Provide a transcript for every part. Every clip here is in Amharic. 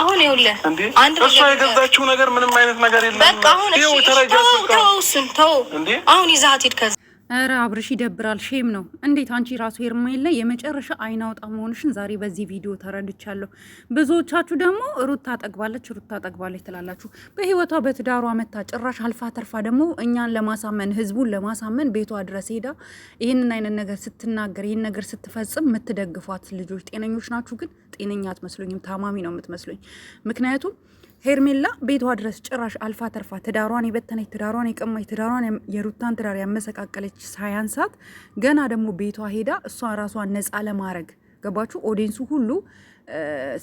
አሁን ይኸውልህ አንድ እሷ የገዛችው ነገር ምንም አይነት ነገር የለም። በቃ አሁን እሺ፣ ተው ተው፣ እሱን ተው። አሁን ይዘሀት ሂድ ከዛ እረ አብርሽ ይደብራል። ሼም ነው እንዴት አንቺ ራሱ ሄርሜላ የመጨረሻ አይን አውጣ መሆንሽን ዛሬ በዚህ ቪዲዮ ተረድቻለሁ። ብዙዎቻችሁ ደግሞ ሩት ታጠግባለች፣ ሩት ታጠግባለች ትላላችሁ። በህይወቷ በትዳሯ መታ ጭራሽ አልፋ ተርፋ ደግሞ እኛን ለማሳመን ህዝቡን ለማሳመን ቤቷ ድረስ ሄዳ ይህንን አይነት ነገር ስትናገር ይህን ነገር ስትፈጽም የምትደግፏት ልጆች ጤነኞች ናችሁ? ግን ጤነኛ አትመስሉኝም። ታማሚ ነው የምትመስሉኝ ምክንያቱም ሄርሜላ ቤቷ ድረስ ጭራሽ አልፋ ተርፋ ትዳሯን የበተነች ትዳሯን የቀማች ትዳሯን የሩታን ትዳር ያመሰቃቀለች ሳያንሳት ገና ደግሞ ቤቷ ሄዳ እሷ ራሷን ነፃ ለማድረግ ገባችሁ? ኦዲንሱ ሁሉ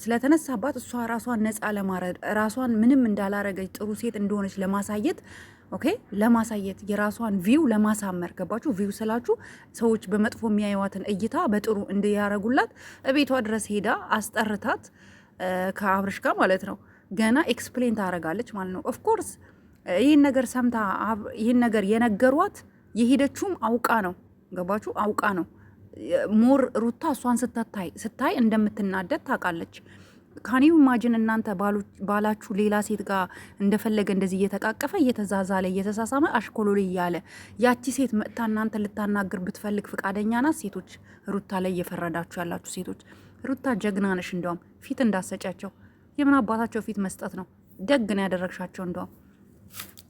ስለተነሳባት እሷ ራሷን ነፃ ለማድረግ ራሷን ምንም እንዳላረገች ጥሩ ሴት እንደሆነች ለማሳየት ኦኬ ለማሳየት የራሷን ቪው ለማሳመር ገባችሁ? ቪው ስላችሁ ሰዎች በመጥፎ የሚያዩዋትን እይታ በጥሩ እንዲያረጉላት ቤቷ ድረስ ሄዳ አስጠርታት ከአብርሽ ጋር ማለት ነው ገና ኤክስፕሌን ታደርጋለች ማለት ነው። ኦፍኮርስ ይህን ነገር ሰምታ ይህን ነገር የነገሯት የሄደችውም አውቃ ነው። ገባችሁ? አውቃ ነው። ሞር ሩታ እሷን ስትታይ ስታይ እንደምትናደድ ታውቃለች። ካኒው ማጅን እናንተ ባላችሁ ሌላ ሴት ጋር እንደፈለገ እንደዚህ እየተቃቀፈ እየተዛዛለ እየተሳሳመ አሽኮሎሌ እያለ ያቺ ሴት መጥታ እናንተ ልታናግር ብትፈልግ ፈቃደኛ ናት። ሴቶች ሩታ ላይ እየፈረዳችሁ ያላችሁ ሴቶች ሩታ ጀግና ነሽ። እንዲያውም ፊት እንዳሰጫቸው የምን አባታቸው ፊት መስጠት ነው? ደግ ነው ያደረግሻቸው። እንደውም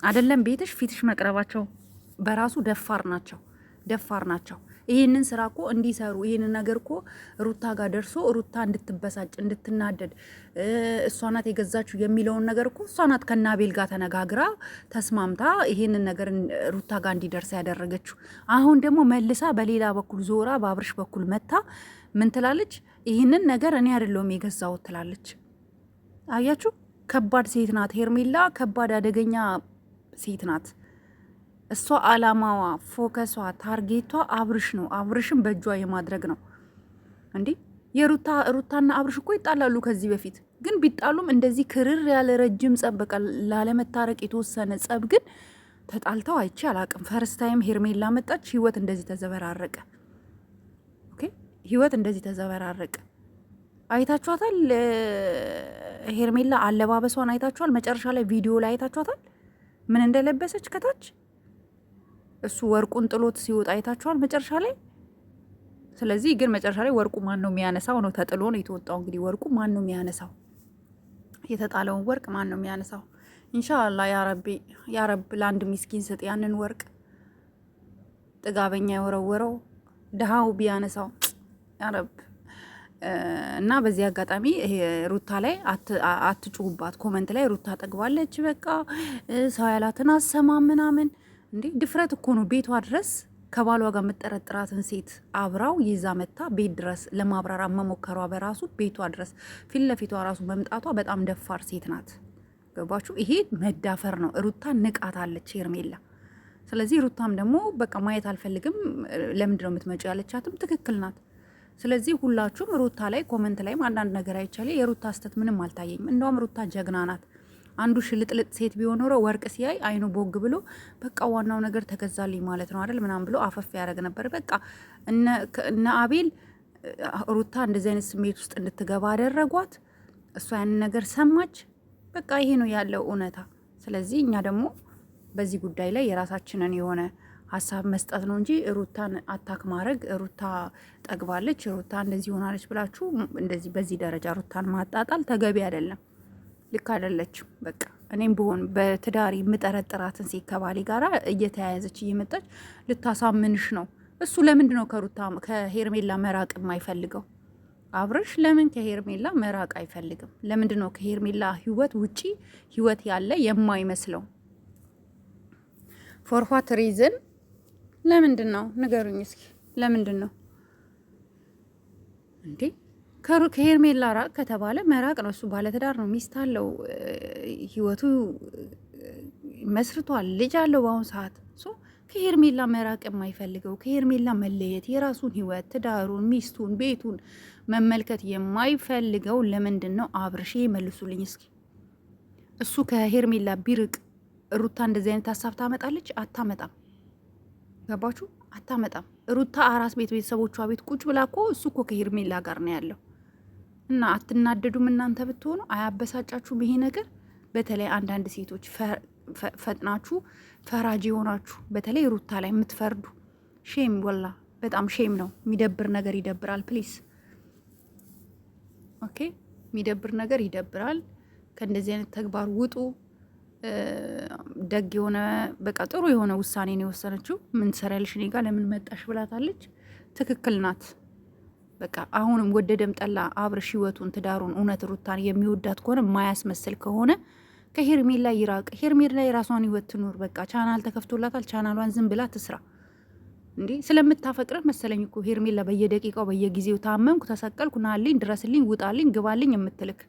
አይደለም ቤትሽ ፊትሽ መቅረባቸው በራሱ ደፋር ናቸው፣ ደፋር ናቸው። ይህንን ስራ እኮ እንዲሰሩ ይህንን ነገር እኮ ሩታ ጋር ደርሶ ሩታ እንድትበሳጭ እንድትናደድ እሷ ናት የገዛችው የሚለውን ነገር እኮ እሷ ናት ከናቤል ጋር ተነጋግራ ተስማምታ ይህንን ነገር ሩታ ጋር እንዲደርስ ያደረገችው። አሁን ደግሞ መልሳ በሌላ በኩል ዞራ በአብርሽ በኩል መታ ምን ትላለች? ይህንን ነገር እኔ አይደለሁም የገዛሁት ትላለች። አያችሁ፣ ከባድ ሴት ናት ሄርሜላ፣ ከባድ አደገኛ ሴት ናት። እሷ አላማዋ፣ ፎከሷ፣ ታርጌቷ አብርሽ ነው። አብርሽን በእጇ የማድረግ ነው። እንዲህ የሩታ ሩታና አብርሽ እኮ ይጣላሉ ከዚህ በፊት ግን ቢጣሉም እንደዚህ ክርር ያለ ረጅም ጸብ፣ በቃ ላለመታረቅ የተወሰነ ጸብ ግን ተጣልተው አይቼ አላቅም። ፈርስት ታይም ሄርሜላ መጣች፣ ህይወት እንደዚህ ተዘበራረቀ። ኦኬ ህይወት እንደዚህ ተዘበራረቀ። አይታችኋታል። ሄርሜላ አለባበሷን አይታችኋል። መጨረሻ ላይ ቪዲዮ ላይ አይታችኋታል ምን እንደለበሰች ከታች እሱ ወርቁን ጥሎት ሲወጣ አይታችኋል መጨረሻ ላይ። ስለዚህ ግን መጨረሻ ላይ ወርቁ ማን ነው የሚያነሳው? ነው ተጥሎ ነው የተወጣው። እንግዲህ ወርቁ ማን ነው የሚያነሳው? የተጣለውን ወርቅ ማን ነው የሚያነሳው? ኢንሻአላ ያረቢ ያረብ ለአንድ ሚስኪን ስጥ ያንን ወርቅ። ጥጋበኛ የወረወረው ድሃው ቢያነሳው ያረብ እና በዚህ አጋጣሚ ይሄ ሩታ ላይ አትጩሁባት። ኮመንት ላይ ሩታ ጠግባለች፣ በቃ ሰው ያላትን አሰማ ምናምን። እንዴ ድፍረት እኮ ነው ቤቷ ድረስ ከባሏ ጋር የምጠረጥራትን ሴት አብራው ይዛ መታ ቤት ድረስ ለማብራራ መሞከሯ በራሱ ቤቷ ድረስ ፊት ለፊቷ ራሱ መምጣቷ በጣም ደፋር ሴት ናት። ገባችሁ? ይሄ መዳፈር ነው። ሩታ ንቃታለች ሄርሜላ። ስለዚህ ሩታም ደግሞ በቃ ማየት አልፈልግም ለምንድነው ነው የምትመጪው ያለቻትም ትክክል ናት። ስለዚህ ሁላችሁም ሩታ ላይ ኮመንት ላይም አንዳንድ ነገር አይቻለ የሩታ ስተት ምንም አልታየኝም። እንደውም ሩታ ጀግና ናት። አንዱ ሽልጥልጥ ሴት ቢሆን ኖሮ ወርቅ ሲያይ አይኑ ቦግ ብሎ በቃ ዋናው ነገር ተገዛልኝ ማለት ነው አይደል ምናምን ብሎ አፈፍ ያደረግ ነበር። በቃ እነ አቤል ሩታ እንደዚህ አይነት ስሜት ውስጥ እንድትገባ አደረጓት። እሷ ያንን ነገር ሰማች። በቃ ይሄ ነው ያለው እውነታ። ስለዚህ እኛ ደግሞ በዚህ ጉዳይ ላይ የራሳችንን የሆነ ሀሳብ መስጠት ነው እንጂ ሩታን አታክ ማድረግ ሩታ ጠግባለች፣ ሩታ እንደዚህ ሆናለች ብላችሁ እንደዚህ በዚህ ደረጃ ሩታን ማጣጣል ተገቢ አይደለም። ልክ አይደለችም። በቃ እኔም ብሆን በትዳር የምጠረጥራትን ሴት ከባሌ ጋር እየተያያዘች እየመጣች ልታሳምንሽ ነው። እሱ ለምንድን ነው ከሩታ ከሄርሜላ መራቅ የማይፈልገው? አብርሽ ለምን ከሄርሜላ መራቅ አይፈልግም? ለምንድን ነው ከሄርሜላ ህይወት ውጪ ህይወት ያለ የማይመስለው? ፎርፋት ሪዝን ለምንድን ነው ንገሩኝ እስኪ ለምንድን ነው እንዴ? ከሄርሜላ ራቅ ከተባለ መራቅ ነው። እሱ ባለትዳር ነው፣ ሚስት አለው፣ ህይወቱ መስርቷል፣ ልጅ አለው። በአሁኑ ሰዓት ከሄርሜላ መራቅ የማይፈልገው ከሄርሜላ መለየት የራሱን ህይወት ትዳሩን፣ ሚስቱን፣ ቤቱን መመልከት የማይፈልገው ለምንድን ነው? አብርሽ መልሱልኝ እስኪ። እሱ ከሄርሜላ ቢርቅ ሩታ እንደዚህ አይነት ሀሳብ ታመጣለች? አታመጣም። ገባችሁ? አታመጣም። ሩታ አራስ ቤት ቤተሰቦቿ ቤት ቁጭ ብላ እኮ እሱ እኮ ከሄርሜላ ጋር ነው ያለው። እና አትናደዱም እናንተ ብትሆኑ? አያበሳጫችሁም ይሄ ነገር? በተለይ አንዳንድ ሴቶች ፈጥናችሁ ፈራጅ የሆናችሁ በተለይ ሩታ ላይ የምትፈርዱ ሼም፣ ወላ በጣም ሼም ነው። የሚደብር ነገር ይደብራል። ፕሊስ ኦኬ፣ የሚደብር ነገር ይደብራል። ከእንደዚህ አይነት ተግባር ውጡ። ደግ የሆነ በቃ ጥሩ የሆነ ውሳኔ ነው የወሰነችው። ምን ትሰሪያለሽ እኔ ጋር ለምን መጣሽ ብላታለች። ትክክል ናት። በቃ አሁንም ወደደም ጠላ አብርሽ ህይወቱን፣ ትዳሩን እውነት ሩታን የሚወዳት ከሆነ ማያስመስል ከሆነ ከሄርሜላ ይራቅ። ሄርሜላ የራሷን ህይወት ትኑር። በቃ ቻናል ተከፍቶላታል። ቻናሏን ዝም ብላ ትስራ። እንዲህ ስለምታፈቅረት መሰለኝ እኮ ሄርሜላ በየደቂቃው በየጊዜው ታመምኩ፣ ተሰቀልኩ፣ ናልኝ፣ ድረስልኝ፣ ውጣልኝ፣ ግባልኝ የምትልክ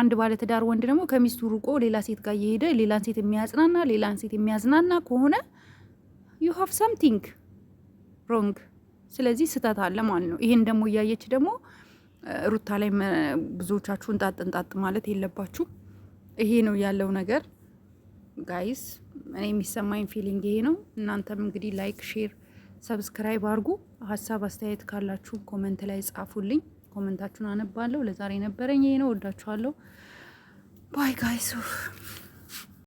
አንድ ባለትዳር ወንድ ደግሞ ከሚስቱ ርቆ ሌላ ሴት ጋር እየሄደ ሌላን ሴት የሚያጽናና ሌላን ሴት የሚያዝናና ከሆነ ዩ ሃቭ ሰምቲንግ ሮንግ። ስለዚህ ስህተት አለ ማለት ነው። ይሄን ደግሞ እያየች ደግሞ ሩታ ላይ ብዙዎቻችሁን ጣጥ እንጣጥ ማለት የለባችሁ። ይሄ ነው ያለው ነገር ጋይስ። እኔ የሚሰማኝ ፊሊንግ ይሄ ነው። እናንተም እንግዲህ ላይክ፣ ሼር፣ ሰብስክራይብ አድርጉ። ሀሳብ አስተያየት ካላችሁ ኮመንት ላይ ጻፉልኝ። ኮመንታችሁን አነባለሁ። ለዛሬ ነበረኝ ይሄ ነው። ወዳችኋለሁ። ባይ ጋይስ።